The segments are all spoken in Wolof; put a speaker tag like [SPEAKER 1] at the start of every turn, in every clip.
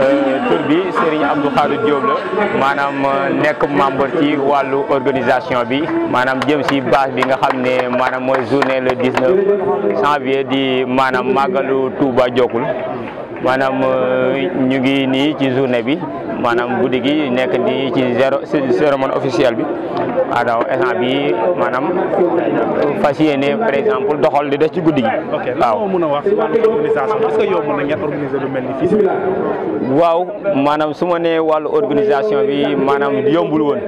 [SPEAKER 1] Euh, tur bi Serigne Abdou Khadir maanaam euh, nekk membre ci wàllu organisation bi maanaam jëm si base bi nga xam ne maanaam mooy journée le 19 janvier di maanaam màggalu tuuba Diokul maanaam euh, ñu ngi nii ci journée bi maanaam guddi gi nekk nii ci cérémonie officielle bi Ada instant bi manam fas yéene par exemple doxal li def ci guddi gi waaw
[SPEAKER 2] mën a wax ci wàllu organisation est ce que yomb na ngeen organiser lu mel ni fii
[SPEAKER 1] waaw maanaam su ma nee organisation bi maanaam yombul woon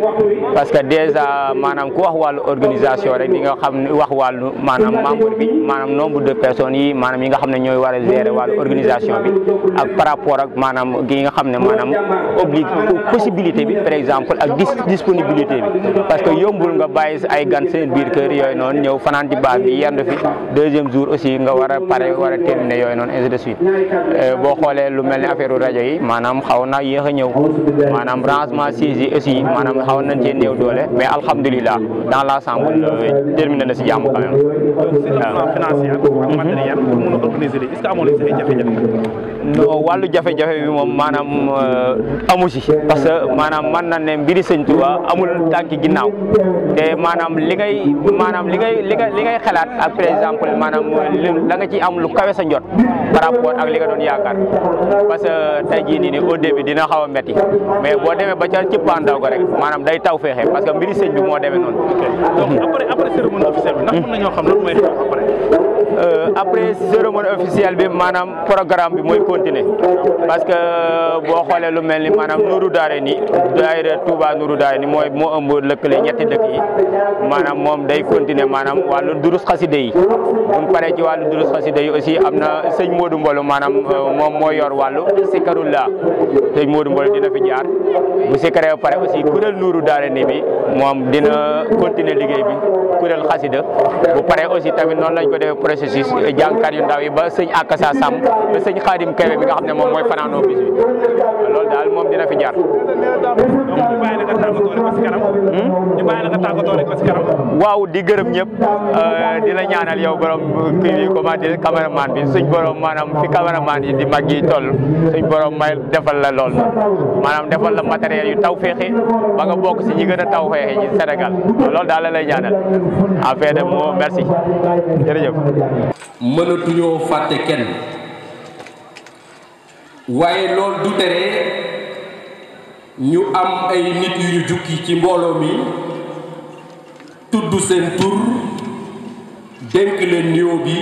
[SPEAKER 1] parce que déjà maanaam ku wax wàllu organisation rek di nga xam wax wàllu maanaam membre bi maanaam nombre de personnes yi maanaam yi nga xam ne ñooy war a gérer wàllu organisation bi ak par rapport ak maanaam gi nga xam ne maanaam possibilité bi par exemple ak disponibilité bi parce que que yombul nga bàyyi si ay gan seen biir kër yooyu noonu ñëw fanaan ci baax bi yendu fi deuxième jour aussi nga war a pare war a terminer yooyu noonu ainsi de suite euh, boo xoolee lu mel ne affaire rajo yi maanaam xaw na yéex a ñëw maanaam rangement siège yi aussi maanaam xaw nañ cee néew doole mais alhamdulilah dans l' ensemble euh, terminé na si jàmm quand même.
[SPEAKER 3] donc si financier
[SPEAKER 1] ak matériel a wàllu jafe-jafe bi moom maanaam euh, amu si parce que maanaam man na ne mbiri sëñ Tuubaa amul tànki ginnaaw te maanaam li ngay maanaam li ngay li ngay li ngay xalaat ak par exemple maanaam la nga ci am lu kawe sa njot par rapport ak li nga doon yaakaar parce que tey jii nii ni au début dina xaw a metti mais boo demee ba ca ci pandaw ga rek maanaam day taw feexe parce que mbiri sëñ bi moo demee noon donc après après cérémonie officielle xam lan mooy xew après euh, après cérémonie bi maanaam programme bi mooy continuer parce que boo xoolee lu mel ni maanaam Nourou Daare ni daayira Touba Nourou Daare ni mooy moo ëmb lëkkale ñetti dëkk yi maanaam moom day continuer maanaam wàllu durus xaside yi bu mu paree ci wàllu durus xaside yi aussi am na sëñ Modou Mbolo maanaam euh, moom moo yor wàllu Sikarulla sëñ Modou Mbolo dina fi jaar bu Sikaree pare aussi kuréel Nourou Daare ni bi moom dina continuer liggéey bi kuréel xasida bu paree aussi tamit noonu lañ ko defee processus jàngkat yu ndaw yi kewe bi nga xam ne moom mooy fanaanoo bis bi loolu daal moom dina fi jaar. ñu bàyyi la nga tàggatoo rek hmm? si kanam. waaw di gërëm ñëpp euh, dina la ñaanal yow borom kii bi comment dire cameraman bi suñ borom maanaam fi cameraman yi di mag yi toll suñ borom may defal la lool maanaam defal la matériel yu taw feexe ba nga bokk si ñi gën a taw feexe ci Sénégal la lay ñaanal en de moo merci jërëjëf. mënatuñoo fàtte kenn. waaye lool du
[SPEAKER 4] tere ñu am ay nit yu ñu jukki ci mbooloo mi tudd seen tur dénk leen nuyoo bi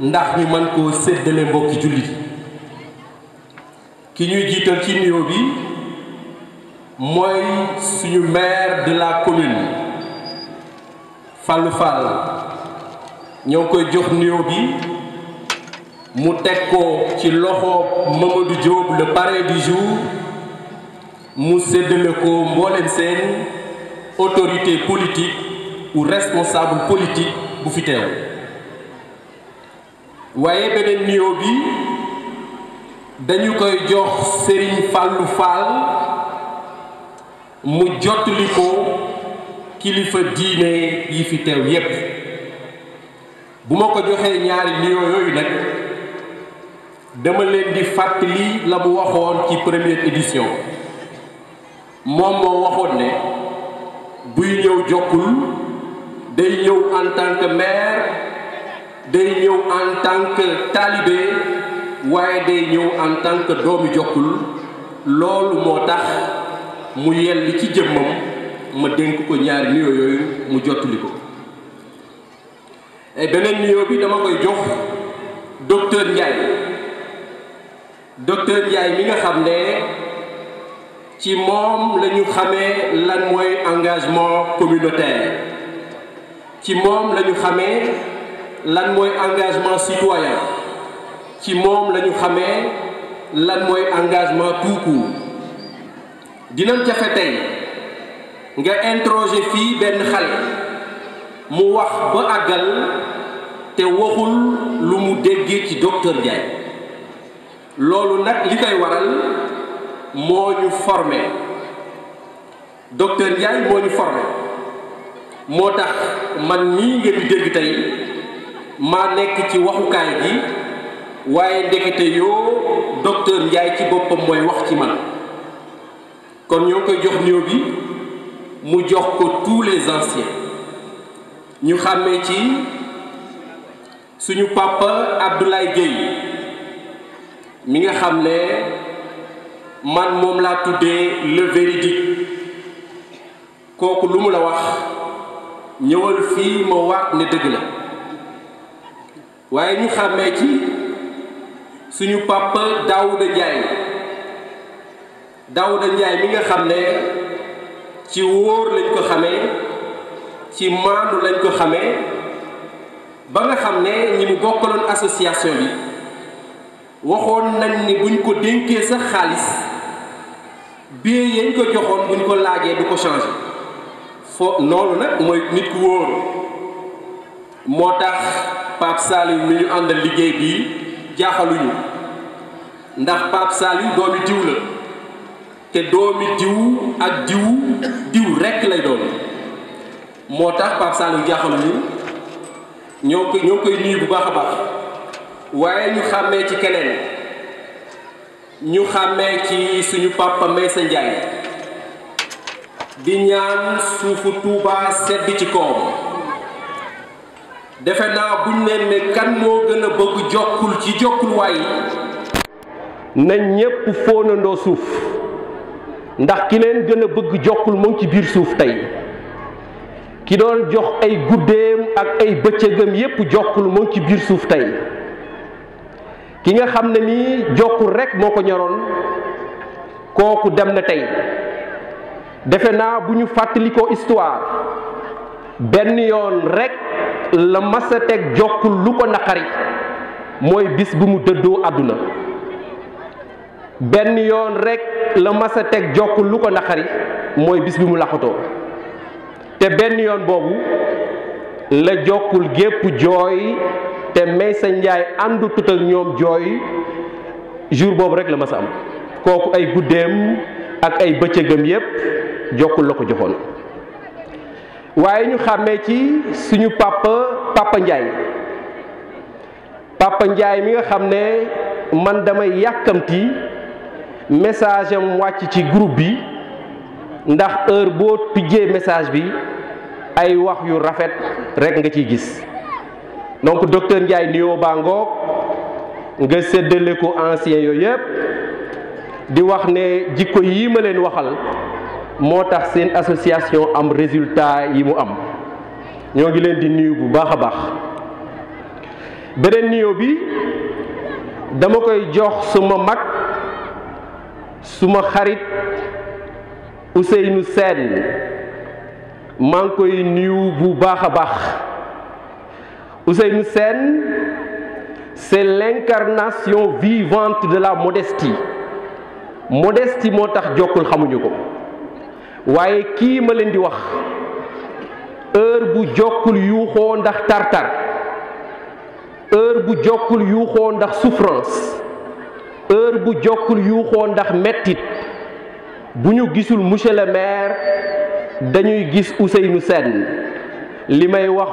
[SPEAKER 4] ndax ñu mën koo séddale mbokki jullit ki ñuy jiital ci nuyoo bi mooy suñu maire de la commune Fallou Fall ñoo ngi koy jox nuyoo bi mu teg ko ci loxo Mamadou Diop le parrain du jour mu séddale ko mboolem seen autorité politique ou responsable politique bu fi teew waaye beneen nuyoo bi dañu koy jox Serigne Fallou Fall mu jottali ko kilifa diine yi fi teew yépp bu ma ko joxee ñaari nuyoo yooyu nag dama leen di fàttali la mu waxoon ci première édition moom moo waxoon ne buy ñëw jokkul day ñëw en tant que maire day ñëw en tant que waaye day ñëw en tant que doomu jokkul loolu moo tax mu yell ci jëmmam ma dénk ko ñaari nuyoo yooyu mu jottali ko beneen nuyoo bi dama koy jox docteur Ndiaye docteur Diaye mi nga xamné ci mom lañu xamé lan moy engagement communautaire ci mom lañu xamé lan moy engagement citoyen ci mom lañu xamé lan moy engagement tout court dinañ jafe tay nga interroger fi ben mu wax ba agal te waxul lu mu déggé ci docteur Diaye loolu nag li koy waral moo ñu formé docteur Ndiaye moo ñu formé moo tax man mii ngeen di dégg tey maa nekk ci waxukaay gi waaye ndekete yoo docteur Ndiaye ci boppam mooy wax ci man kon ñoo koy jox néew bi mu jox ko tous les anciens ñu xàmmee ci suñu papa Abdoulaye Gueye mi nga xam ne man moom laa tuddee le véridique kooku lu mu la wax ñëwal fii ma waat ne dëgg la waaye ñu xàmmee ci suñu papa Daouda Ndiaye Daouda Ndiaye mi nga xam ne ci wóor lañ ko xamee ci maandu lañ ko xamee ba nga xam ne ñi mu bokkaloon association bi waxoon nañ ni buñ ko dénkee sax xaalis bee yañ ko joxoon buñ ko laajee du ko changé foo noonu nag mooy nit ku wóor moo tax Pape Saliou mi ñu àndal liggéey bii jaaxaluñu ndax Pape Saliou doomi diw la te doomi diw ak diw diw rekk lay doon moo tax Pape Saliou jaaxaluñu ñoo koy ñoo koy nuyu bu baax a baax waaye ñu xàmmee ci keneen ñu xàmmee ci suñu papa Meysa Ndiaye di ñaan suufu Touba sedd ci koom defe naa buñ leen ne kan moo gën a bëgg jokkul ci jokkul waay na ñépp fóonandoo suuf ndax ki leen gën a bëgg jokkul moom ci biir suuf tey ki doon jox ay guddeem ak ay bëccëgam yépp jokkul moom ci biir suuf tey ki nga xam ne nii jokkul rekk moo ko ñoroon kooku dem na tey defe naa bu ñu fàttalikoo histoire benn yoon rekk la masa teg jokkul lu ko naqari mooy bis bu mu dëddoo àdduna benn yoon rekk la masa teg jokkul lu ko naqari mooy bis bi mu laxatoo te benn yoon boobu la jokkul gépp jooy te may sa njaay àndu tut ñoom jooy jour boobu rek la ma sa am kooku ay guddeem ak ay bëccëgam yépp jokkul la ko joxoon waaye ñu xàmmee ci suñu papa papa njaay njaay mi nga xam ne man damay yàkkamti message am wàcc ci groupe bi ndax heure boo tijjee message bi ay wax yu rafet rek nga ciy gis donc docteur Ndiaye nuyoo baa ngoog nga séddale ko ancien yooyu yëpp di wax ne jikko yii ma leen waxal moo tax association am résultat yi mu am ñoo ngi leen di nuyu bu baax a baax beneen nuyoo bi dama koy jox suma mag suma xarit Ousseynou Sène maa ngi koy nuyu bu baax a Hussein Sen, c'est l'incarnation vivante de la modestie modestie moo tax que ma c'est di wax heure bu jokul ndax tartar heure bu yu ndax souffrance heure bu ndax mettit gisul monsieur le maire gis Limay wax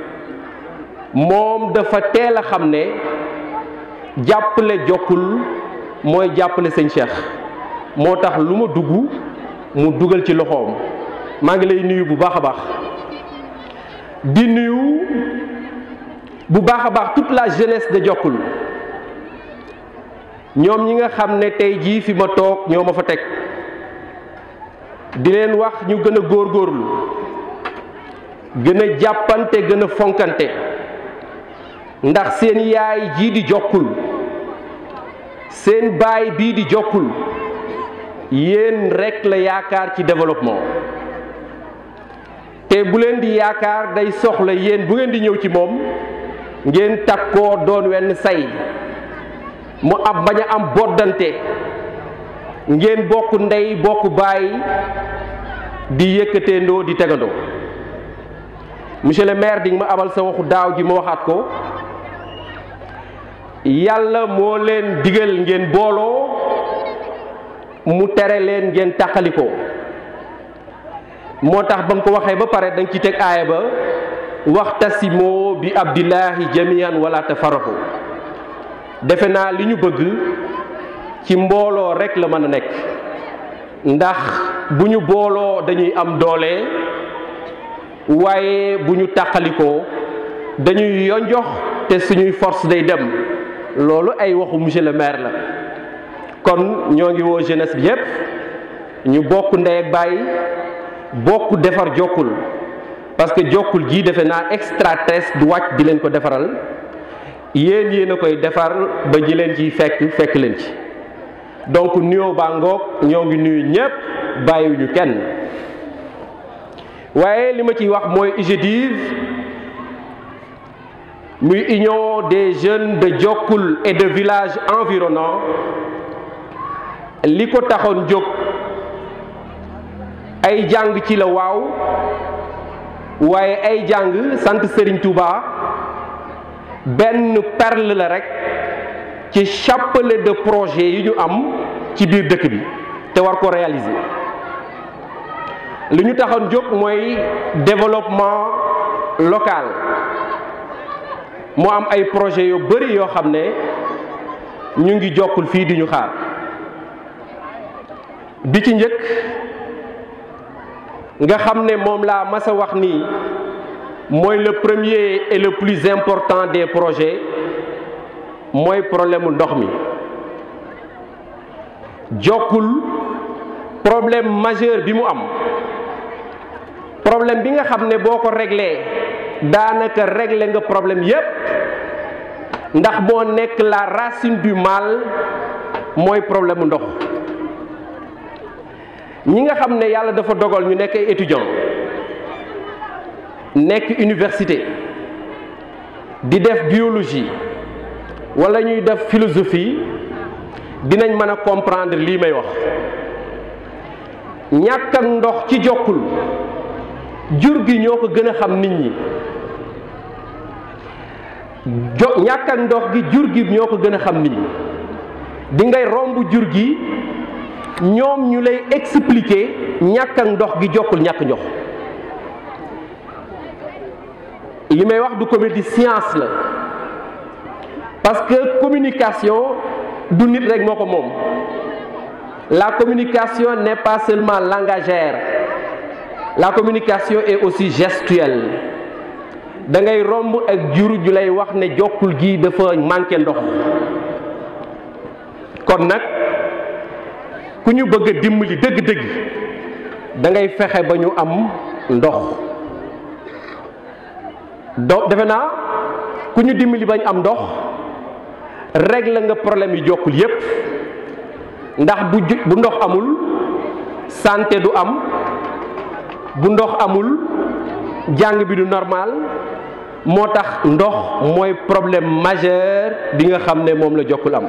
[SPEAKER 4] moom dafa teel a xam ne jàppale jokkul mooy jàppale sëñ Cheikh moo tax lu ma dugg mu dugal ci loxoom maa ngi lay nuyu bu baax a baax di
[SPEAKER 3] nuyu
[SPEAKER 4] bu baax baax toute la jeunesse de jokul ñoom ñi nga xam ne tey jii fi ma toog ñoo ma fa teg di leen wax ñu ndax seen yaay jii di jokkul seen baay bii di jokkul yéen rekk la yaakaar ci développement te bu leen di yaakaar day soxla yéen bu ngeen di ñëw ci moom ngeen takkoo doon wenn say mu am bañ a am boddante ngeen bokk ndey bokk baay di yëkkateendoo di tegandoo monsieur le maire di ma abal sa waxu daaw ji ma waxaat ko yàlla moo leen digal ngeen booloo mu tere leen ngeen tàqalikoo moo tax ba nga ko waxee ba pare da nga ci teg aaya ba waxtasimoo bi abdillahi jamian wala tafarraqu defe naa li ñu bëgg ci mbooloo rekk la mën a nekk ndax bu ñu booloo dañuy am doole waaye bu ñu tàqalikoo dañuy yonjox te suñuy force day dem loolu ay waxu monsieur le maire la kon ñogi wo jeunesse bi yépp ñu bokku ndey ak bàyyi bokku défar jokul parce que jokul gi defe naa extra test du wàcc di leen ko défaral yeen yeen a koy defar ba ñi leen ci fekk fekk leen ci donc nuyoo baa ngoog ñoo ngi nuyu ñépp bàyyiwuñu kenn waye lima ci wax moy UGEDIV nous union des jeunes de Diokoul et de villages environnants li ko taxoon jóg ay jàng ci la waaw ay Serigne Touba Ben perle la rek ci chapelet de projet qui ñu am ci biir dëkk bi te war ko réaliser li ñu développement local mo am ay projet yu bëri yo xamné ñu ngi jokul fi diñu xaar bi ci njëkk nga xamné mom la massa wax ni moy le premier et le plus important des projets moy problème ndox mi jokul problème majeur bi mu am problème bi nga xamné boko régler daanaka régler nga problème yépp ndax moo nekk la racine du mal mooy problème mu ndox ñi nga xam ne yàlla dafa dogal ñu nekk ay étudiant nekk université di def biologie wala ñuy def philosophie dinañ mën a comprendre lii may wax ñàkk ndox ci jokkul jur gi ñoo ko a xam nit jo ñàkk ndox gi jur gi ñoo ko gën a xam nit di ngay romb jur gi ñoom ñu lay expliquer ñàkk ndox gi jokkul ñàkk ndox li may wax du comédie science la parce que communication du nit rek moo ko moom la communication n'est pas seulement langagère la communication est aussi gestuelle da ngay romb ak jur ju lay wax ne jokkul gi dafa manqué ndox kon nag ku ñu bëgg dimbali da ngay am ndox do devena naa ku dimbali bañ am ndox règle nga problème yi jokkul yépp ndax bu ndox amul santé du am bu ndox amul jàng bi du normal motax ndox moy problème majeur bi nga xamné mom la jokul am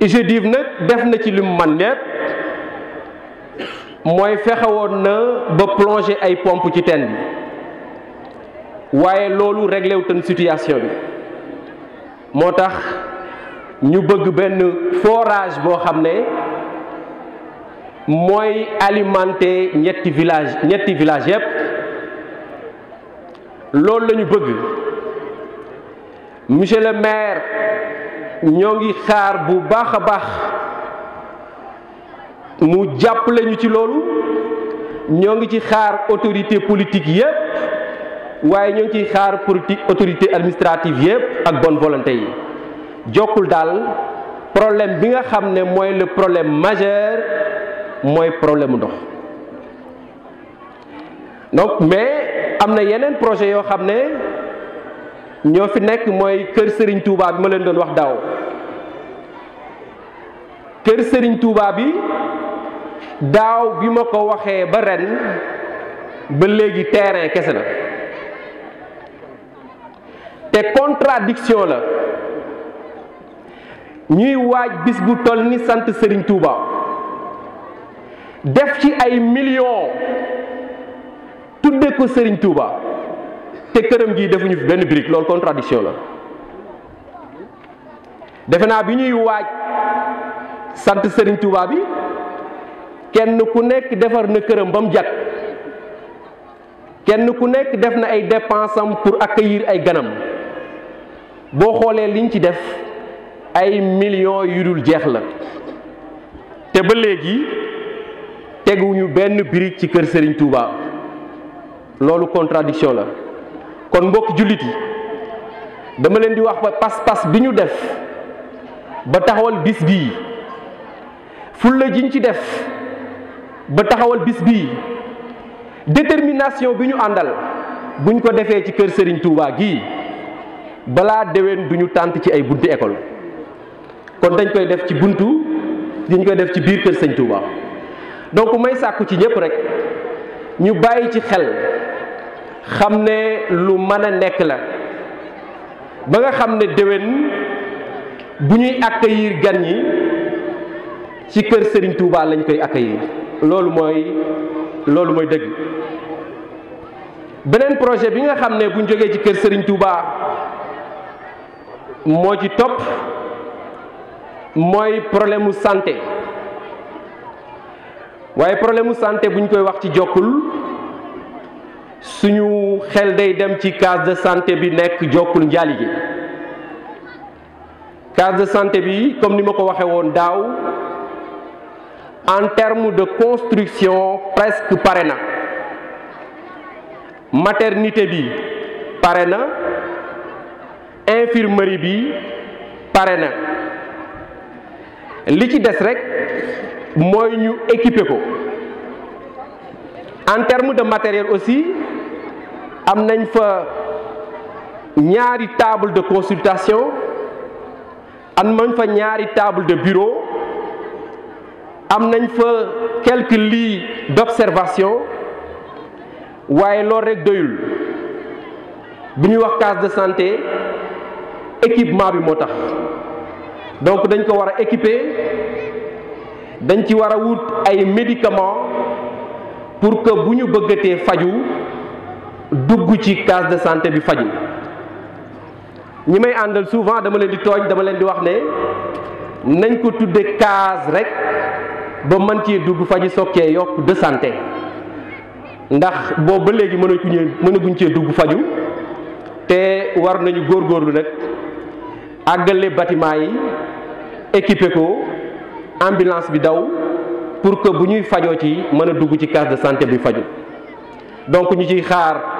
[SPEAKER 4] dis nag def na ci lim man lépp mooy fexe na ba plonger ay pompe ci teen bi waaye loolu réglé wu tan situation bi motax ñu bëgg ben forage bo xamné moy alimenter ñetti village ñetti village yépp ce que bëgg monsieur le maire ñoo ngi xaar bu baax baax mu ci autorité politique yépp ngi autorité administrative yépp ak bonne volonté yi problème bi nga ne le problème majeur mooy problème ndox donc mais am na yeneen projet yoo xam ne ñoo fi nekk mooy kër sëriñ Touba bi ma leen doon wax daaw kër sëriñ Touba bi daaw bi ma ko waxee ba ren ba léegi terrain kese la te contradiction la ñuy waaj bis bu toll ni sant sëriñ Touba def ci ay millions. tuddee ko sëriñ Touba te këram gii defuñu fi benn brique loolu contradiction la defe naa bi ñuy waaj sant sëriñ Touba bi kenn ku nekk defar na këram ba mu jàkk kenn ku nekk def na ay dépense pour ak accueillir ay ganam boo xoolee liñ ci def ay million yu dul jeex la te ba léegi teguñu benn brique ci kër sëriñ Touba. Lalu contradiction la kon mbokk jullit yi dama di wax ba pas-pas bi def ba taxawal bis bii ci def ba taxawal bis bii détermination bi ñu àndal buñ ko Bela ci kër Serigne Touba gii balaa déwén duñu ci ay école kon dañ koy def ci buntu dañ koy def ci biir kër Serigne Touba donc may sàkku ci rek ñu ci xel xam ne lu mën a nekk la ba nga xam ne déwén bu ñuy accueillir gan yi ci kër sëriñ Touba lañ koy accueillir loolu mooy loolu mooy dëgg beneen projet bi nga xam ne bu ñu jógee ci kër sëriñ Touba moo ci topp mooy problème mu santé waaye problème mu santé bu ñu koy wax ci jokkul. suñu xel day dem ci case de santé bi nekk jokkul njaaligi case de santé bi comme ni ma ko waxee woon daaw en terme de construction presque pare na maternité bi pare na infirmerie bi pare na li ci des rek mooy ñu équiper ko en terme de matériel aussi am nañ fa ñaari table de consultation am nañ fa ñaari table de bureau am nañ fa quelques lits d'observation waye lool rek doyul biñu wax case de santé équipement bi motax donc dañ ko wara équipé équiper dañ ci wara ay médicaments pour que buñu ñu faju dugg ci case de santé bi faju ñi may àndal souvent dama leen di tooñ dama leen di wax ne nañ ko tudde case rek ba mën cee dugg faji soog yokk de santé ndax boobu ba léegi mën a kuñee mën guñ cee dugg faju te war nañu góor góorgóorlu nag àggale bâtiment yi équipé ko ambulance bi daw pour que bu ñuy fajoo ci mën a dugg ci case de santé bi faju donc ñu ciy xaar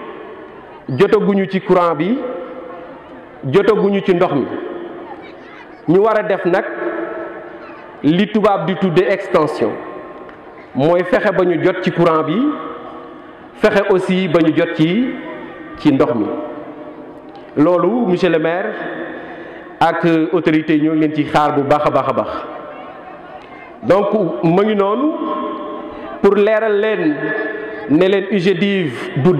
[SPEAKER 4] jotaguñu ci courant bi jotaguñu ci ndox mi ñu wara def nak li tubab di extension moy fexé bañu ñu jot ci courant bi fexé aussi bañu jot ci ci ndox mi loolu monsieur le maire ak autorité ñoo ngi leen ci xaar bu baax a baax donc ma ngi pour leeral len ne leen UGDIV du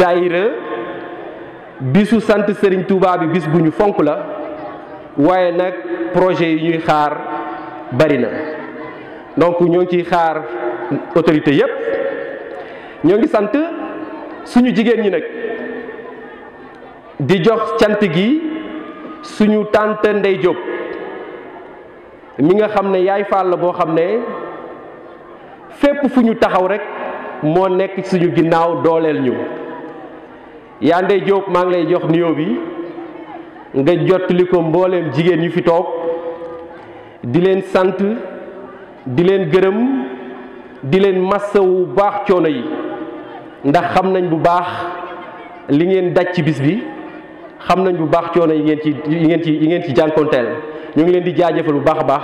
[SPEAKER 4] bisu sant Serigne Touba bi bis bu ñu fonk la waaye nag projet yi ñuy xaar bari na donc ñoo ngi ciy xaar autorité yépp ñoo ngi sant suñu jigéen ñi nag di jox cant gi suñu tànt Ndey Diop mi nga xam ne yaay faal boo xam ne fépp fu ñu taxaw rek moo nekk suñu ginnaaw dooleel ñu yaa ndey Jóob maa ngi lay jox nuyoo bi nga jot li ko mbooleem jigéen ñu fi toog di leen sant di leen gërëm di leen massawu baax coono yi ndax xam nañ bu baax li ngeen daj ci bis bi xam nañ bu baax coono yi ngeen ci yi ngeen ci yi ngeen ci jànkonteel ñu ngi leen di jaajëfal bu baax a baax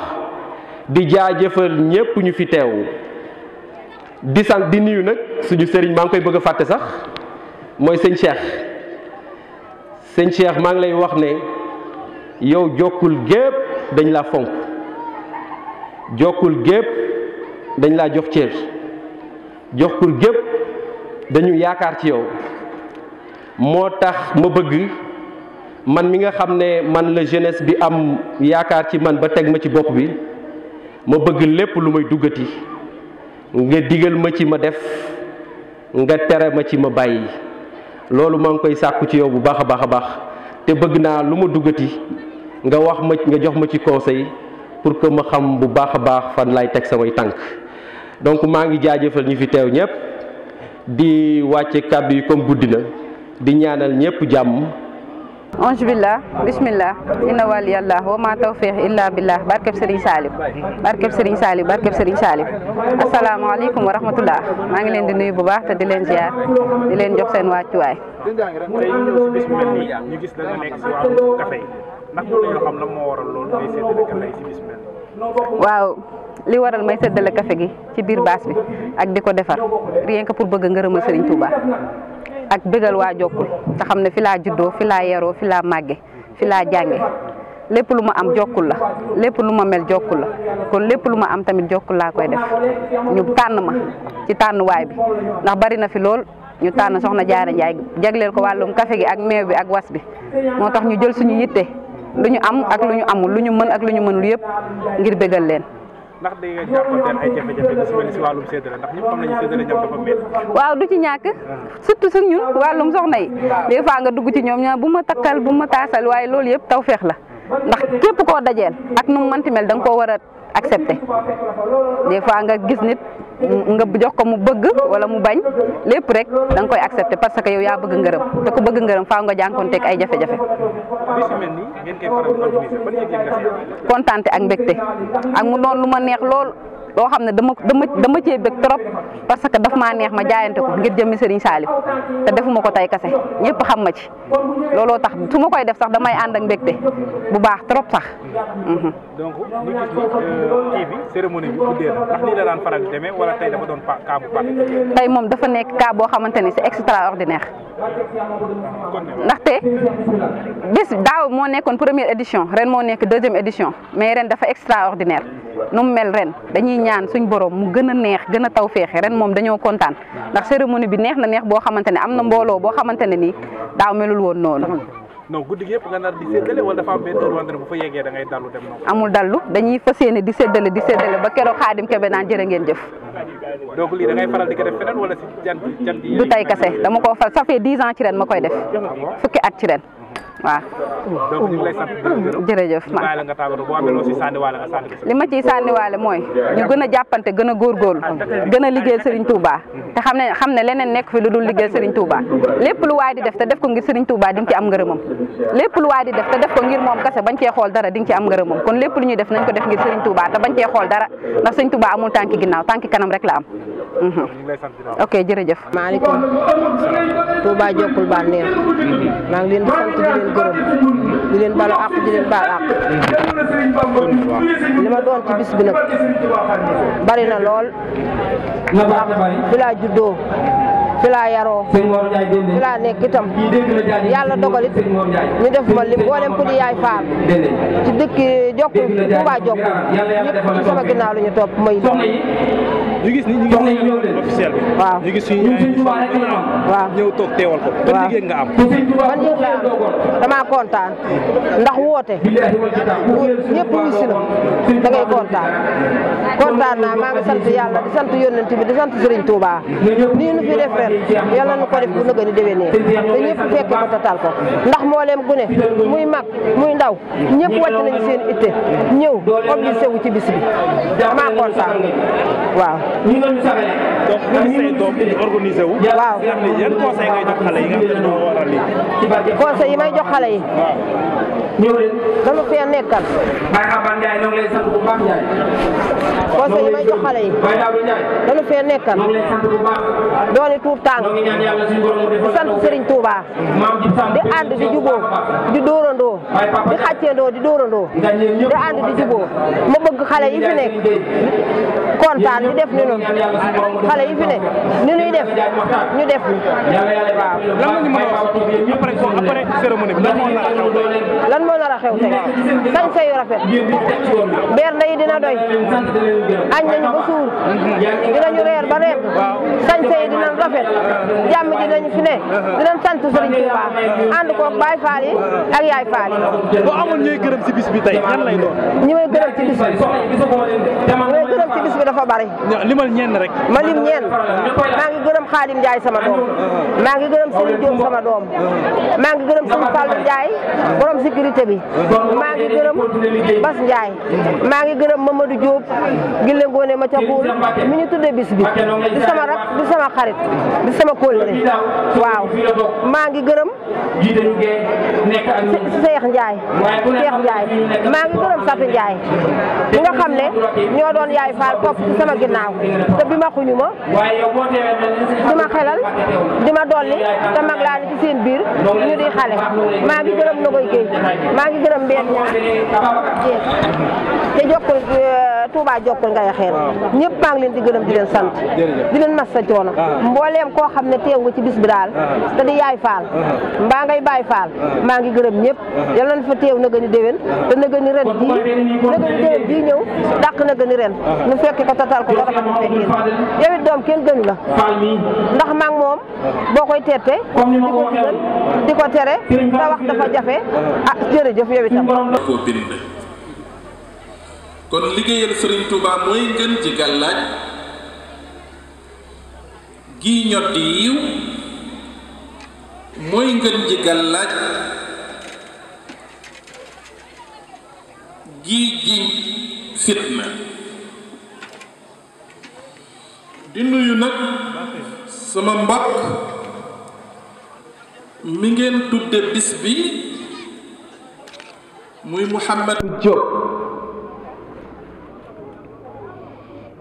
[SPEAKER 4] di jaajëfal ñépp ñu fi teew di sant di nuyu nag suñu sëriñ maa ngi koy bëgg a fàtte sax mooy sëñ Cheikh sëñ Cheikh maa ngi lay wax ne yow jokkul gépp dañ laa fonk jokkul gépp dañ laa jox cër jokkul gépp dañu yaakaar ci yow moo tax ma bëgg man mi nga xam ne man la jeunesse bi am yaakaar ci man ba teg ma ci bopp bi ma bëgg lépp lu may duggati nga digal ma ci ma def nga tere ma ci ma bàyyi loolu maa ngi koy sàkku ci yow bu baax a baax a baax te bëgg naa lu ma duggati nga wax ma nga jox ma ci conseil pour que ma xam bu baax a baax fan lay teg samay tànk donc maa ngi jaajëfal ñi fi teew ñëpp di wàcce kàddu yi comme guddi na di ñaanal ñëpp jàmm
[SPEAKER 5] ange billah bismillah inna waliyallah wa ma tawfiq illa billah barkeb sëriñ Saliou barkeb sëriñ Saliou barkeb sëriñ Saliou wa rahmatullah maa ngi leen di nuyu bu baax te di leen ziar leen jox seen wàccuwaay waaw li waral may séddale café gi ci biir baas bi ak di ko defar rien que pour bëgg ngërëmal sëriñ Touba ak bégal waa jokkul te xam ne filaa laa juddoo fi laa yaroo fi laa màgge jànge lépp lu ma am jokkul la lépp lu ma mel jokkul la kon lépp lu ma am tamit jokkul laa koy def ñu tànn ma ci tànnuwaay bi ndax bari na fi lool ñu tànn soxna Jaara Njaay jagleel ko wàllum kafe gi ak meew bi ak was bi moo tax ñu jël suñu yitte lu ñu am ak lu ñu amul lu ñu mën ak lu ñu mënul yëpp ngir bégal leen
[SPEAKER 2] ndax day nga jàppanteel ay
[SPEAKER 5] waaw du ci ñàkk surtout suñ ñun wàllum soxna yi des fois nga dugg ci ñoom ñaa bu ma takkal bu ma taasal waaye loolu yëpp taw feex la ndax képp koo dajeel ak nu mu mënti mel da nga koo war a accepté fois nga gis nit nga jox ko mu bëgg wala mu bañ lépp rek da koy accepté parce que yow yaa bëgg ngërëm te ku bëgg ngërëm faaw nga jànkonteeg ay jafe-jafe.
[SPEAKER 1] kontaante ak mbégte ak mu
[SPEAKER 5] doon ma neex lool. loo xam ne dama dama dama cee bëgg trop parce que daf maa neex ma jaayante ko ngir jëmmi Serigne Saliou te defuma ko tey kase ñëpp xam ma ci looloo tax su ma koy def sax damay ànd ak mbégte bu baax trop sax. Mhm.
[SPEAKER 1] donc
[SPEAKER 6] ñu
[SPEAKER 2] gis euh,
[SPEAKER 5] tey moom dafa nekk cas boo xamante ni c'est extraordinaire. ndaxte bis daaw moo nekkoon première édition ren moo nekk deuxième édition mais ren dafa extraordinaire nu mu mel ren dañuy ñaan suñ boroom mu gën a neex gën a taw féexe ren moom dañoo kontaan ndax cérémonie bi neex na neex boo xamante ne am na mbooloo boo xamante ne nii daaw melul woon noonu.
[SPEAKER 3] non guddi gi dallu
[SPEAKER 5] amul dallu dañuy fas yéene di séddale di séddale ba keroo xaadim kebe naan jërë ngeen jëf.
[SPEAKER 3] du tey kase dama ko faral ça
[SPEAKER 5] fait dix ci ren ma koy def ah fukki at ci ren. waaw. jërëjëf ma bàyyi la nga tàggatoo sànniwaale li ma ciy sànniwaale mooy ñu gën a jàppante gën a góorgóorlu gën a liggéey Serigne Touba te xam ne xam ne leneen nekk fi lu dul liggéey Serigne Touba lépp lu waay di def te def ko ngir Serigne Touba di nga ci am ngërëmam lépp lu waay di def te def ko ngir moom kese bañ cee xool dara di nga ci am ngërëmam kon lépp lu ñuy def nañ ko def ngir Serigne Touba te bañ cee xool dara ndax Serigne Touba amul tànki ginnaaw tànki kanam rek la am
[SPEAKER 6] mhm.
[SPEAKER 5] ok jërëjëf maaleykum Touba
[SPEAKER 7] jokkul bànneex maa leen gërëm di leen baal àq di leen baal àq li ma doon ci bis bi nag bari na lool.
[SPEAKER 6] ndax du
[SPEAKER 7] laa juddoo. fi laa yaroo fi ne nekk itam yàlla dogal it ñu def ma lim boo dem ku di yaay faal ci dëkk jokku Touba jokku ñëpp ci sama ginnaaw la ñu topp may ñu gis ni ñu ngi ñu ñëw officiel bi waaw ñu gis suñu yaay waaw ñëw toog teewal ko ban yëg nga am man yëg damaa kontaan ndax woote ñëpp wuy si la da ngay kontaan kontaan naa ngi sant yàlla di sant yónnent bi di sant Serigne Touba nii nu fi defee ren yal nañu ko def bu nëgëni déwénee te ñëpp fekk ko total ko ndax moo leen gune muy mag muy ndaw ñëpp wàcc nañu seen itte ñëw obligé wu ci bis bi kontaan waaw. ñu ngi sabale. wu. waaw yan conseil ngay jox xale yi nga xam ne ñoo waral lii. conseil yi may jox xale yi. waaw. ñëw leen. dama fee nekkal. yi may yi. Baye Abane Ndiaye. dama fee nekkal. ñoo ngi lay sant bu baax. doole tuut tànk. ñoo di sant Serigne di sant di di jubóo di di xàccandoo di dóorandoo. di ma bëgg xale yi nekk. kontaan di def ni noonu xale yi fi ne ni ñuy def ñu def waaw. lan la a wax bi lan moo nar a xew tey. lan moo nar a xew tey sañ sa yu rafet bernde yi dina doy añ nañu ba suur dinañu reer ba reer sañ sa yi dinañ rafet jàmm ji dinañ fi ne dinañ sant Sëriñ Tuuba ànd koog Baay Faal yi ak Yaay Faal yi. boo amoon ñooy gërëm si bis bi tey lan lay doon. ñi may si bis ñu gërëm ci bi dafa bari limal ñenn rek ma lim ñenn maa ngi gërëm Xaadim Njaay sama doom maa ngi gërëm Serigne Diop sama doom maa ngi gërëm Serigne Fall Njaay borom sécurité bi maa ngi gërëm Bas Njaay maa ngi gërëm Mamadou Diop gille ngoone ma ca Poul mi ñu tuddee bis bi di sama rak di sama xarit di sama kóllëre waaw maa ngi gërëm jiite ñu gee nekk maa ngi gërëm Satu Ndiaye ñi nga xam ne ñoo doon yaay faal topp sama ginnaaw te bi ma xuñu ma di ma xelal di ma dolli te mag laa ni ci seen biir ñu di xale maa ngi gërëm na koy géej maa ngi gërëm mbeen ñaar te jokkul euh, Touba jokkul ngay xeer ñëpp maa ngi leen di gërëm di leen sant di leen mas sa coono ah. mbooleem koo xam ne teew nga ci bis bi daal ah. te di yaay faal ah. mbaa ngay bàyyi faal maa ngi gërëm ñëpp yal nañ fa teew na gëni déwén te na gëni ren bii na gëni déwén bii ñëw dàq na gëni ren nu fekk ko tatal ko dara ko fekkee yow doom kenn gënu la ndax maa ngi moom boo koy tette di ko di ko tere te wax dafa jafe ah jërëjëf yow itam
[SPEAKER 3] koo bind kon liggéeyal Sëriñ Touba mooy ngën ci gàllaaj gii ñot yiw mooy ngën ji gàllaaj gi jiñ fitna di nuyu nag sama mbokk mi ngeen tudde bis bi muy Mouhamed Diop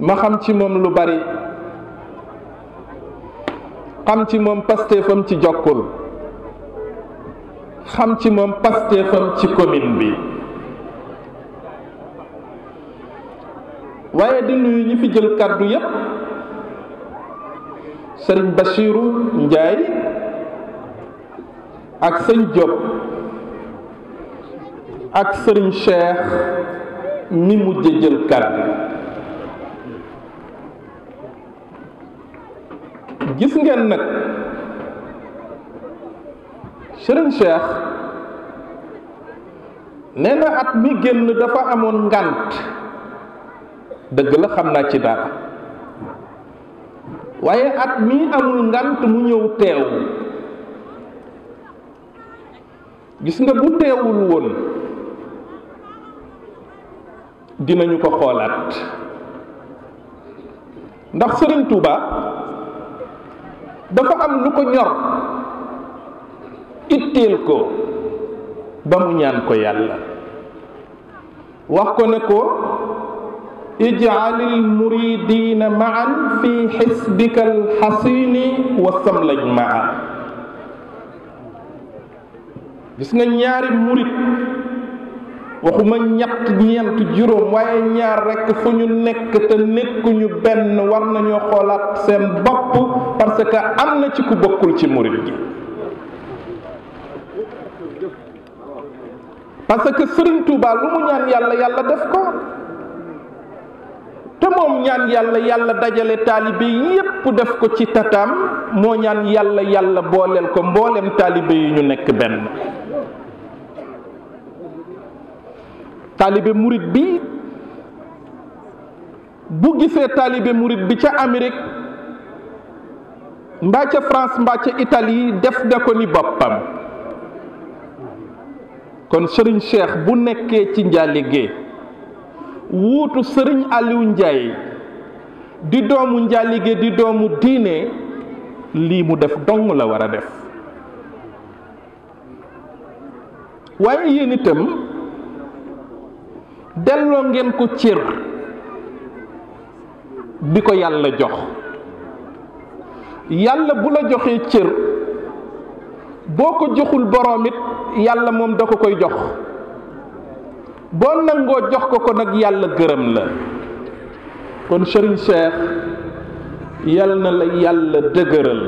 [SPEAKER 3] ma xam ci moom lu bari xam ci moom Pastef ci jokkul xam ci moom pastéefam ci komin bi waaye di nuyu ñi fi jël kàddu yépp sëriñ Bachiru Njaay ak sëñ Diop ak sëriñ Cheikh mi mujj jël kàddu gis ngeen nag Serigne Cheikh nenek na at mi génn dafa amoon ngànt dëgg la amun naa ci dara waaye at mi amul ngànt mu ñëw teew gis nga bu teewul woon dinañu ko ndax Serigne Touba dafa am lu ko ñor itteel ko ba mu ñaan ko yàlla wax ko ne ko ijaalil muridina maan fi xisbika alxasini wa samlaj maa gis nga ñaari murid waxuma ñett ñeent juróom waaye ñaar rekk fu ñu nekk te nekkuñu benn war nañu xoolaat seen bopp parce que am na ci ku bokkul ci murid gi parce que Serigne Touba lu mu ñaan yàlla yàlla def ko te moom ñaan yàlla yàlla dajale taalibe yépp def ko ci tataam moo ñaan yàlla yàlla booleel ko mbooleem taalibe yi ñu nekk benn taalibe murit bi bu gisee taalibe murit bi ca Amérique mbaa ca France mbaa ca Italie def na ko ni boppam kon sëriñ Cheikh bu nekkee ci njaaligee wuutu sëriñ Aliou njaay di doomu njaaligee di doomu diine lii mu def dong la war a def waaye yéen itam delloo ngeen ko cër bi ko yàlla jox yàlla bu la joxee cër boo ko joxul boroom it yàlla moom da ko koy jox boo nangoo jox ko ko nag yàlla gërëm la kon sëriñ Cheikh yal na la yàlla dëgëral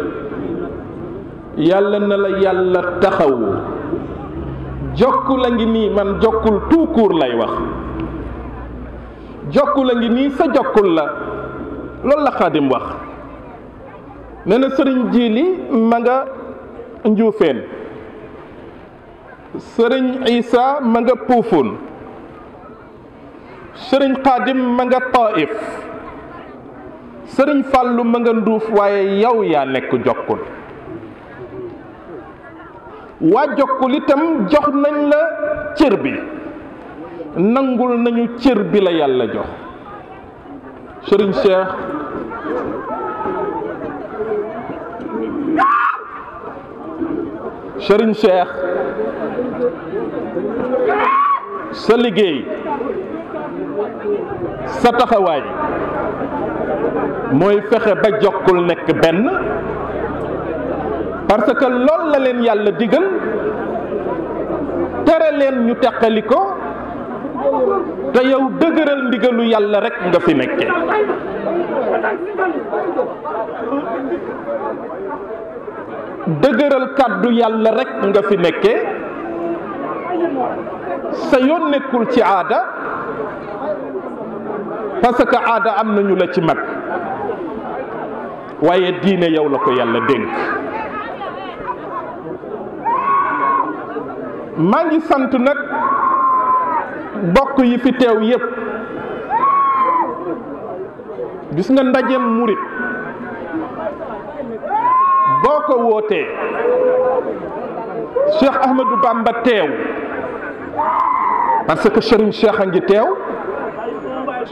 [SPEAKER 3] yàlla na la yàlla taxawu jokk la ngi nii man jokkul tout court lay wax jokku la ngi nii sa jokkul la loolu la xaadim wax nee na sëriñ ji li ma nga njuufeen sëriñ Isa ma nga Puufoon sëriñ Xaadim ma nga Taif sëriñ Fàllu ma nga Nduuf waaye yow yaa nekk jokkul waa jokkul itam jox nañ la cër bi nangul nañu cër bi la yàlla jox sëriñ Cheikh sëriñ Cheikh sa liggéey sa taxawaay mooy fexe ba jokkul nekk benn parce que loolu la leen yàlla digal tere leen ñu teqali ko te yow dëgëral ndigalu yàlla rekk nga fi nekke dëgëral kàddu yàlla rekk nga fi nekke sa yoon nekkul ci aada parce que aada am nañu la ci mag waaye diine yow la ko yàlla dénk maa ngi sant nag bokk yi fi teew yépp
[SPEAKER 6] gis nga ndajeem murit
[SPEAKER 3] boo ko wootee Cheikh Ahmadou Bamba teew parce que Serigne Cheikh a ngi teew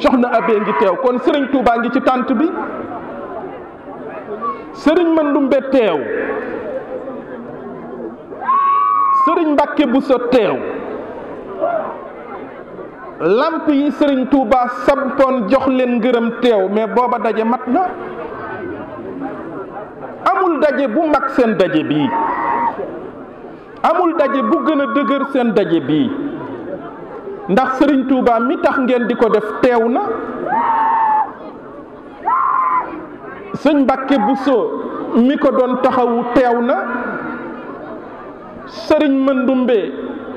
[SPEAKER 3] soxna Abe ngi teew kon Serigne Touba ngi ci tànt bi Serigne Mandoumbe teew Serigne Mbacke Bousso teew lamp yi Serigne Touba sampoon jox leen ngërëm teew mais booba daje mat na amul daje bu mag seen daje bi amul daje bu gën a dëgër seen daje bi ndax sëriñ Touba mi tax ngeen di ko def teew na sëñ Mbàkke soo mi ko doon taxawu teew na sëriñ Mandumbe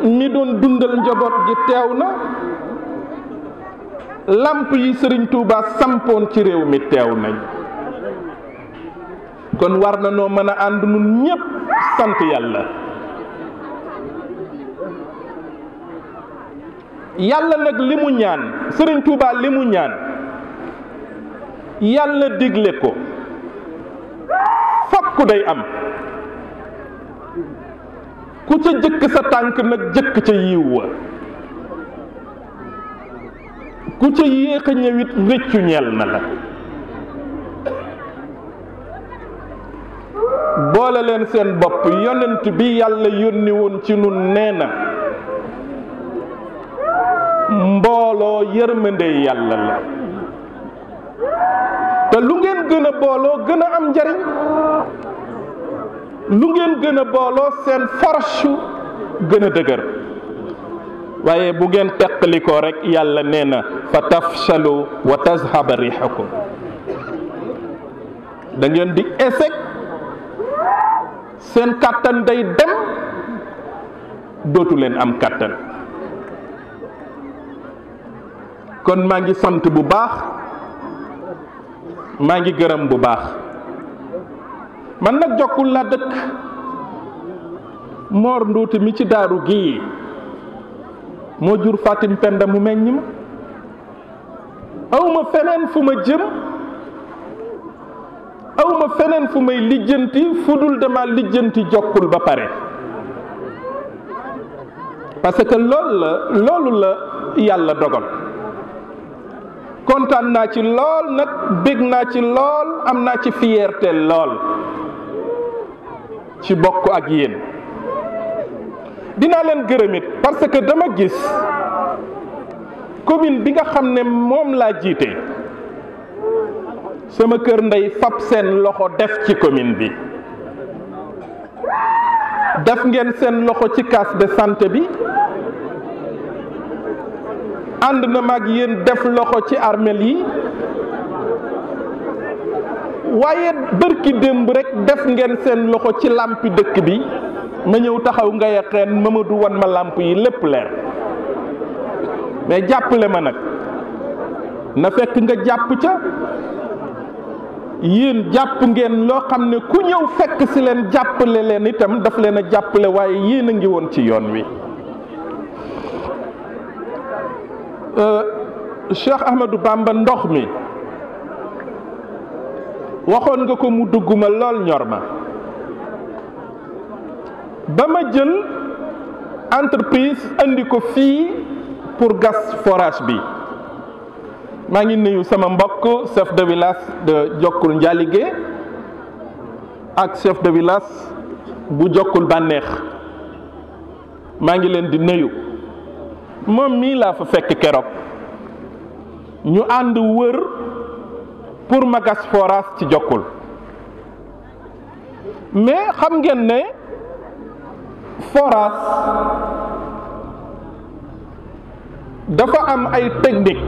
[SPEAKER 3] mi doon dundal njaboot gi teew na làmp yi sëriñ Touba sampoon ci réew mi teew nañ kon war na noo mën a ànd nun ñépp sant yàlla yàlla nag li mu ñaan sëriñ Touba li mu ñaan yàlla digle ko fokk day am ku ca jëkk sa tànk nag jëkk ca yiw wa ku ca yéex a ñëwit rëccu ñeel na la boole leen seen bopp yonent bi yàlla yónni ci nun nee na mbooloo yërmande yàlla la te lu ngeen gën a booloo gën a am njariñ lu ngeen gën a booloo seen force gëna dëgër waaye bu ngeen teqlikoo rekk yàlla nee na fa tafshalu wa tazhaba rixakum da ngeen di esek seen kàttan day dem dootu leen am kàttan kon maa ngi sant bu baax maa ngi gërëm bu baax man nag jokkul laa dëkk moor nduuti mi ci daaru gii moo jur Fatim Penda mu meññ ma awma feneen fu ma jëm awma feneen fu may lijjanti fu dul dama lijjanti jokkul ba pare parce que loolu la loolu la yàlla dogal kontaan naa ci lool nag bég naa ci lool am naa ci fierté lool ci bokk ak yéen dinaa leen gërëmit parce que dama gis commune bi nga xam ne moom laa jiite sama kër ndey fab seen loxo def ci commune bi def ngeen seen loxo ci case de santé bi ànd na mag yéen def loxo ci armeel yi waaye bërki démb rekk def ngeen seen loxo ci làmpi dëkk bi ma ñëw taxaw ngay a xeen Mamadou wan ma làmp yi lépp leer mais jàppale ma nag na fekk nga jàpp ca yéen jàpp ngeen loo xam ne ku ñëw fekk si leen jàppale leen itam daf leen a jàppale waaye yéen a ngi woon ci yoon wi Eh, Cheikh Ahmadou Bamba ndox mi waxoon nga ko mu dugg ma lool ñor jël entreprise andi ko pour gas forage bi maa ngi nuyu sama mbokk chef de village de jokkul njaalige ak chef de village bu jokkul bànneex maa ngi leen di nuyu moom mii laa fa fekk keroog ñu ànd wër pour ma gas ci jokkul mais xam ngeen ne forage dafa am ay technique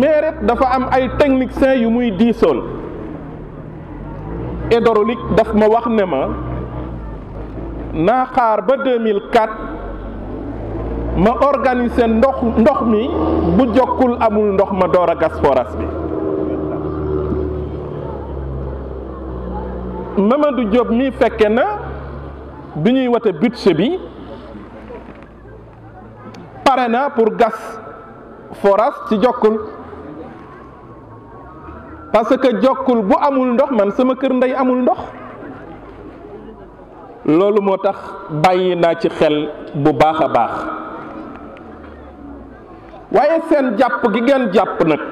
[SPEAKER 3] mairie dafa am ay techniciens yu muy diisool hydraulique daf ma wax ne ma naa xaar ba 2004 ma organiser ndox ndox mi bu jokkul amul ndox ma door a gas forage bi Mamadou Diop mi fekke na bi ñuy wote budget bi pare na pour gas forage ci jokkul parce que jokkul bu amul ndox man sama kër ndey amul ndox loolu moo tax bàyyi naa ci xel bu baax a baax waaye seen jàpp gi ngeen jàpp nag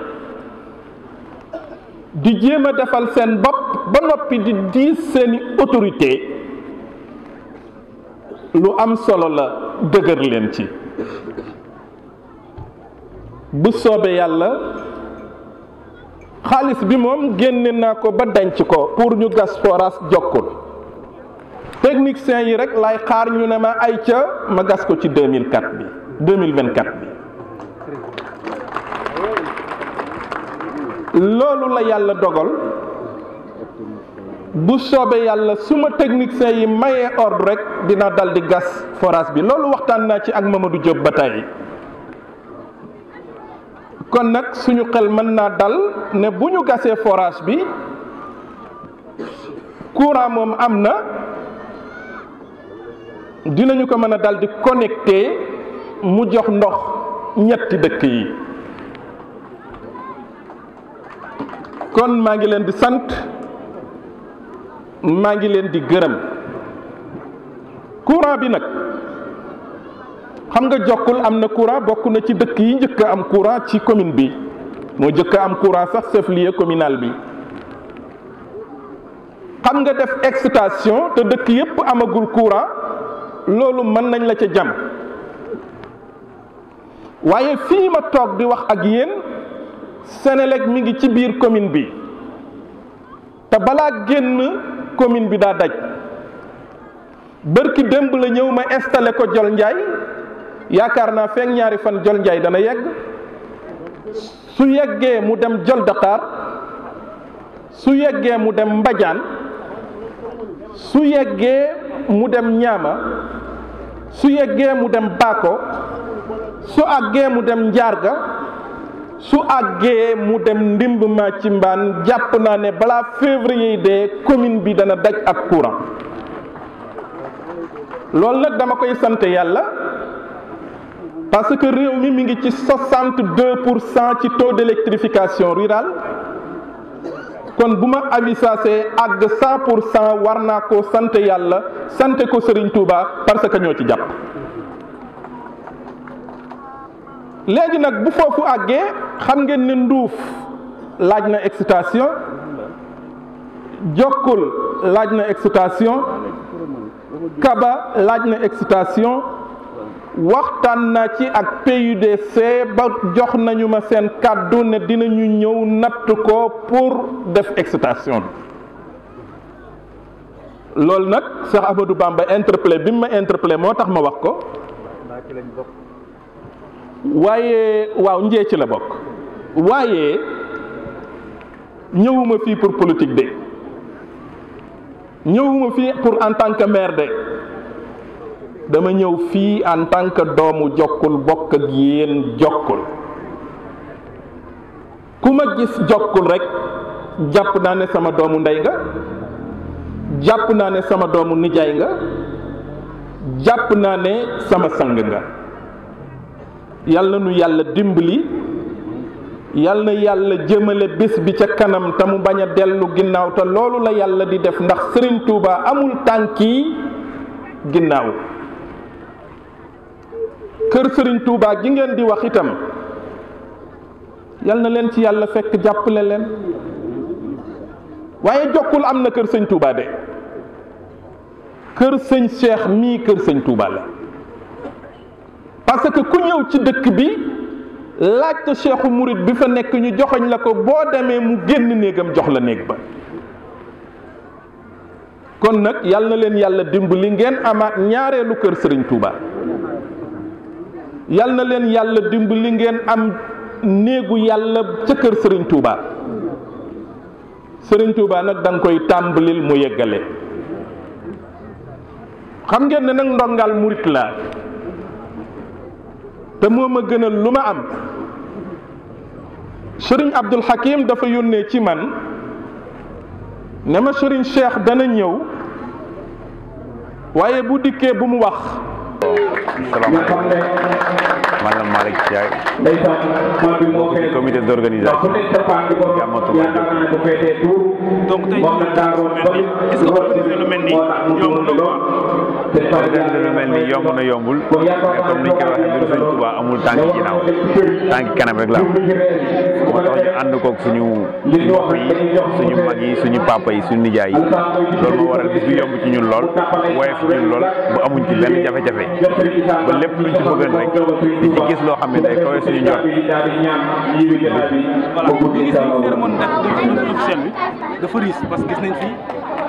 [SPEAKER 3] di jéem a defal seen bopp ba noppi di diis seeni autorité lu am solo la dëgër leen ci bu soobee yàlla xaalis bi moom génne naa ko ba denc ko pour ñu gas forage jokkul techniciens yi rek lay xaar ñu ne ma ay ca ma gas ko ci 2004 bi 2024 bi loolu la yàlla dogal bu soobee yàlla su suma technicien yi mayee ordre rekk dina dal di gas forage bi loolu waxtaan naa ci ak du Diop ba tey kon nag suñu xel mën naa dal ne bu ñu gasee forage bi courant moom am na dinañu ko mën a dal di mu jox ndox ñetti dëkk yi kon maa ngi leen di sant maa ngi leen di gërëm courant bi nag xam nga jokkul am na courant bokk na ci dëkk yi njëkk a am courant ci commune bi moo njëkk a am courant sax chef-lieu bi xam nga def excitation te dëkk yépp amagul courant loolu mën nañ la ca jam waaye fii ma toog di wax ak yéen Senelec mi ngi ci biir commune bi te balaa génn commune bi daa daj ki démb la ñëw ma installé ko Jol Njaay yaakaar naa feek ñaari fan Jol Njaay dana yegg su yeggee mu dem Jol daqaar su yeggee mu dem Mbadiane su yeggee mu dem Ñaama su yeggee mu dem Bako su àggee mu dem njaar ga su àggee mu dem ndimb Mathimbane jàpp naa ne balaa février de commune bi dana daj ak courant loolu nag dama koy sant yàlla parce que réew mi mu ngi ci 62 pour cent ci taux d'électrification rurale kon bu ma avisaasee àgg pour cent war naa ko sant yàlla sante ko Serigne Touba parce que ñoo ci jàpp. léegi nag bi foofu àggee xam ngeen ne nduuf laaj na excitation jokkul laaj na excitation kaba laaj na excitation waxtaan na ci ak PUDC ba jox nañu ma seen kàddu ne dinañu ñëw natt ko pour def excitation bi loolu nag Cheikh Ahmadou Bamba interpellé bi ma interpellé moo tax ma wax ko waaye waaw njee ci la bokk waaye ñëwuma fii pour politique de ñëwuma fii pour en tant que maire de dama ñëw fii en tant que doomu jokkul bokk ak yéen jokkul ku ma gis jokkul rek jàpp naa ne sama doomu ndey nga jàpp naa ne sama doomu nijaay nga jàpp naa ne sama sang nga yàlla nu yàlla dimbali yàlla na yàlla jëmale bés bi ca kanam te mu bañ a dellu ginnaaw te loolu la yàlla di def ndax sëriñ Touba amul tànki ginnaaw kër sëriñ Touba gi ngeen di wax itam yàlla na leen ci yàlla fekk jàppale leen waaye jokkul am na kër sëñ Touba de kër sëñ seex mii kër sëñ Touba la parce que ku ñëw ci dëkk bi laajte cheikhu murit bi fa nekk ñu joxoñ la ko boo demee mu génn néegam jox la néeg ba kon nag yal na leen yàlla dimbali ngeen amaat ñaareelu kër sëriñ Touba yal na leen yàlla dimbali ngeen am néegu yàlla ca kër sëriñ tuubaa sëriñ Touba nag danga koy tàmbalil mu yeggale xam ngeen ne nag ndongal murit la te moma gënal luma am serigne Abdul Hakim dafa yonne ci man nema serigne Cheikh dana ñëw waye bu dikke bu mu wax.
[SPEAKER 2] salaamaaleykum maanaam Malick comité d' donc tey est ce que bu ñu defee lu kon ren mel ni yomb na yombul mais comme ni ñu koy waxee mbiru Sëñ Tuubaa amul tànki ginnaaw tànki kanam rek la am moo tax ñu ànd koog suñu mbokk yi suñu mag yi suñu papa yi suñu nijaay yi loolu moo waral bis bi yomb ci ñun lool waaye ci lool bu amuñ ci benn jafe-jafe ba lépp luñ ci bëggoon rek di ci gis loo xam ne day kawe suñu njort. gis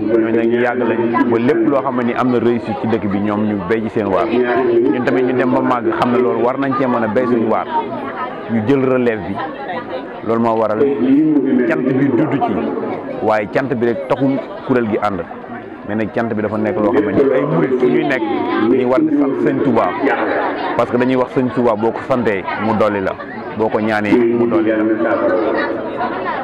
[SPEAKER 2] ñooñu nag ñu yàgg lañ ba lépp loo xam ne ni am na réussite ci dëkk bi ñoom ñu béy ci seen waar ñun tamit ñu dem ba màgg xam ne loolu war nañ cee mën a béy suñu ñu jël relève bi loolu moo waral cant bi dudd ci waaye cant bi rek taxul kuréel gi ànd mais nag cant bi dafa nekk loo xam ne ni ay murit fu ñuy nekk dañuy war di sant sëñ Tuubaa parce que dañuy wax sëñ Tuubaa boo ko santee mu dolli la boo ko ñaanee mu dolli la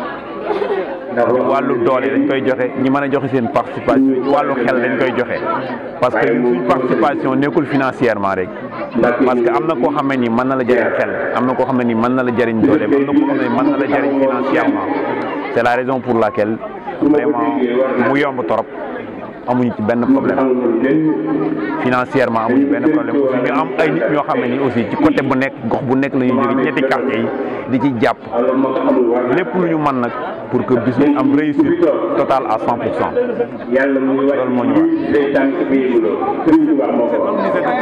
[SPEAKER 2] wàllu doole dañ koy joxe ñi mën a joxe seen participation ci wàllu xel dañ koy joxe parce que suñ participation nekkul financièrement rek parce que am na koo ni mën na la jëriñ xel am na koo ni mën na la jëriñ doole am na koo xam ni mën na la jëriñ financièrement c'est la raison pour laquelle vraiment mu yomb torop amuñu ci benn problème financièrement amuñu benn problème am ay nit ñoo xam ne ni aussi ci côté bu nekk gox bu nekk la ñuy jóge ñetti quartier yi di ci jàpp lépp lu ñu man nag pour que bis bi am réussite totale à cent pour cent
[SPEAKER 1] loolu moo ñu
[SPEAKER 2] wax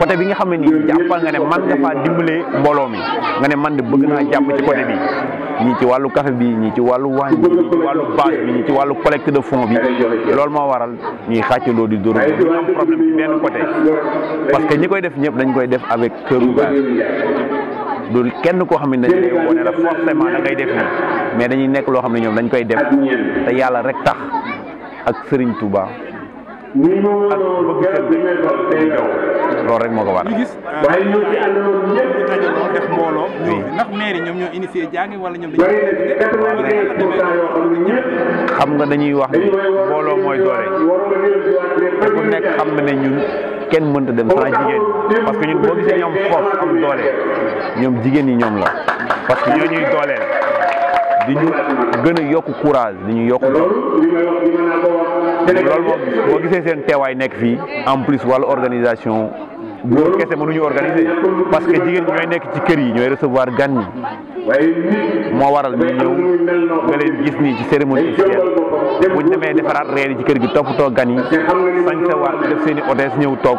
[SPEAKER 2] côté bi nga xam ne nii jàppal nga ne man nga faa dimbalee mbooloo mi nga ne man de bëgg naa jàpp ci côté bi ñii ci wàllu café bi ñii ci wàllu waañ bi ñii ci wàllu bâche bi ci wàllu collecte de fonds bi loolu moo waral ñuy xàccaloo di dóor ñu am problème ci benn côté parce que ñi koy def ñëpp dañ koy def avec cœur ouvert du kenn koo xam ne dañ lay wone def nii mais dañuy nekk loo xam ne ñoom dañ koy def te yàlla rek tax ak sëriñ Touba ak bëgg seen dëkk daw loolu rek moo ko waral. Euh, waaye ñoo def mbooloo. ndax maire yi ñoom ñoo initié jàng wala ñoom xam nga dañuy wax ni mooy doole te ku nekk xam na ne ñun kenn mënta dem sans jigéen parce que ñun boo gisee ñoom force am doole ñoom jigéen ñi ñoom la parce que ñoo ñuy dooleel. di ñu gën a yokk courage di ñu yokk loolu moom boo gisee seen teewaay nekk fii en plus wàllu organisation góor kese mënuñu organiser parce que jigéen ñi ñooy nekk ci kër yi ñooy recevoir gan ñi moo waral ñu ñëw nga leen gis nii ci cérémonie officielle buñ demee defaraat reer yi ci kër gi toppatoo gan yi sañ sa def seen i ñëw toog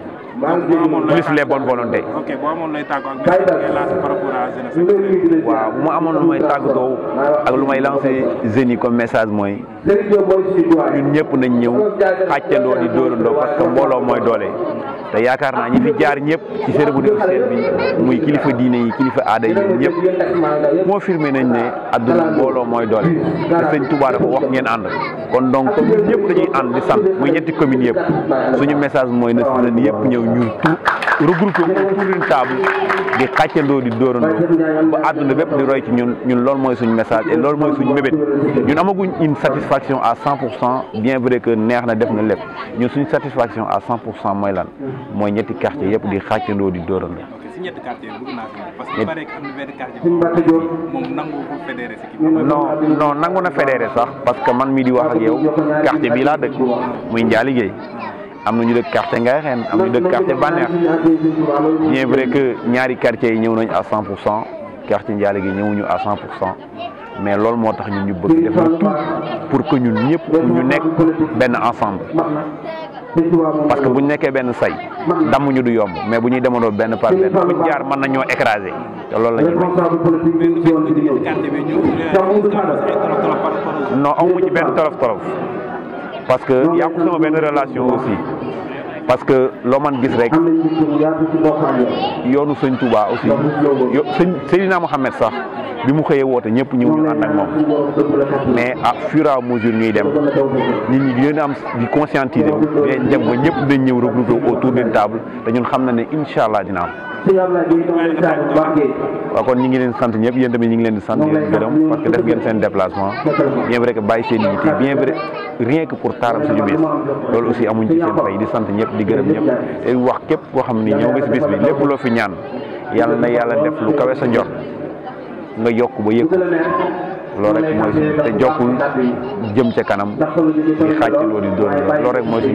[SPEAKER 2] plus les bonnes volontés. ok boo amoon lay tàggatoo ak waaw bu ma amoon lu may tàggatoo ak lu may lancer jeunes yi comme message mooy ñun ñëpp nañ ñëw xàccandoo di dóorandoo parce que mbooloo mooy doole. te yaakaar naa ñi fi jaar ñëpp ci cérémonie officielle bi muy kilifa diiné yi kilifa aada yi ñëpp firmé nañ né adduna mbooloo moy doole te sëñ Touba dafa wax ngeen ànd kon donc comme ñëpp dañuy ànd di sant muy ñetti commune yëpp suñu message moy na si leen yëpp ñëw ñu tout regroupé autour d'une table di xàccandoo di dóorandoo ba àdduna bépp di roy ci ñun ñun lool moy suñu message et lool moy suñu mébét ñun amaguñ une satisfaction à 100% bien vrai que neex na def na lépp ñun suñu satisfaction à 100% moy lan mooy ñetti quartier yëpp di xàccandoo di dóorandoo. ok nangu ko fédéré na fédéré sax parce que man mii di wax ak yow quartier bii laa dëkk muy Ndialigéey am na ñu dëkk quartier Ngaye Xeen am ñu dëkk quartier Baneex bien vrai que ñaari quartiers yi ñëw nañu à 100 pour cent quartier Ndialigéey ñëwuñu à 100 pour cent. mais loolu moo tax ñu ñu bëgg def tout pour que ñun ñëpp ñu nekk benn ensemble parce que bu ñu nekkee benn say dammuñu du yomb mais bu ñuy demandoo benn par benn bu ñu jaar mën na ñoo écraser te loolu la ñuy amu ci benn tolof tolof parce que yàqu sama benn relation aussi parce que loo man gis rek yoonu sëñ Touba aussi yo sëñ Seydina Mohamed sax bi mu xëyee woote ñëpp ñëw ñu ànd ak moom ah, mais à fur et mesure ñuy dem nit ñi di leen am di conscientiser wu dinañ dem ba ñëpp dañ ñëw regroupé autour d'une table te xam na ni incha allah dina am.
[SPEAKER 7] waaw
[SPEAKER 2] kon ñi ngi leen sant ñëpp di sant di leen gërëm parce que def ngeen seen déplacement bien vrai que bàyyi seen nit yi bien di sant di gërëm ñëpp te wax képp koo xam ni ñëw nga si na yàlla def lu kawe sa njort nga yokk ba yëg loolu rek mooy di xàcc loolu di doon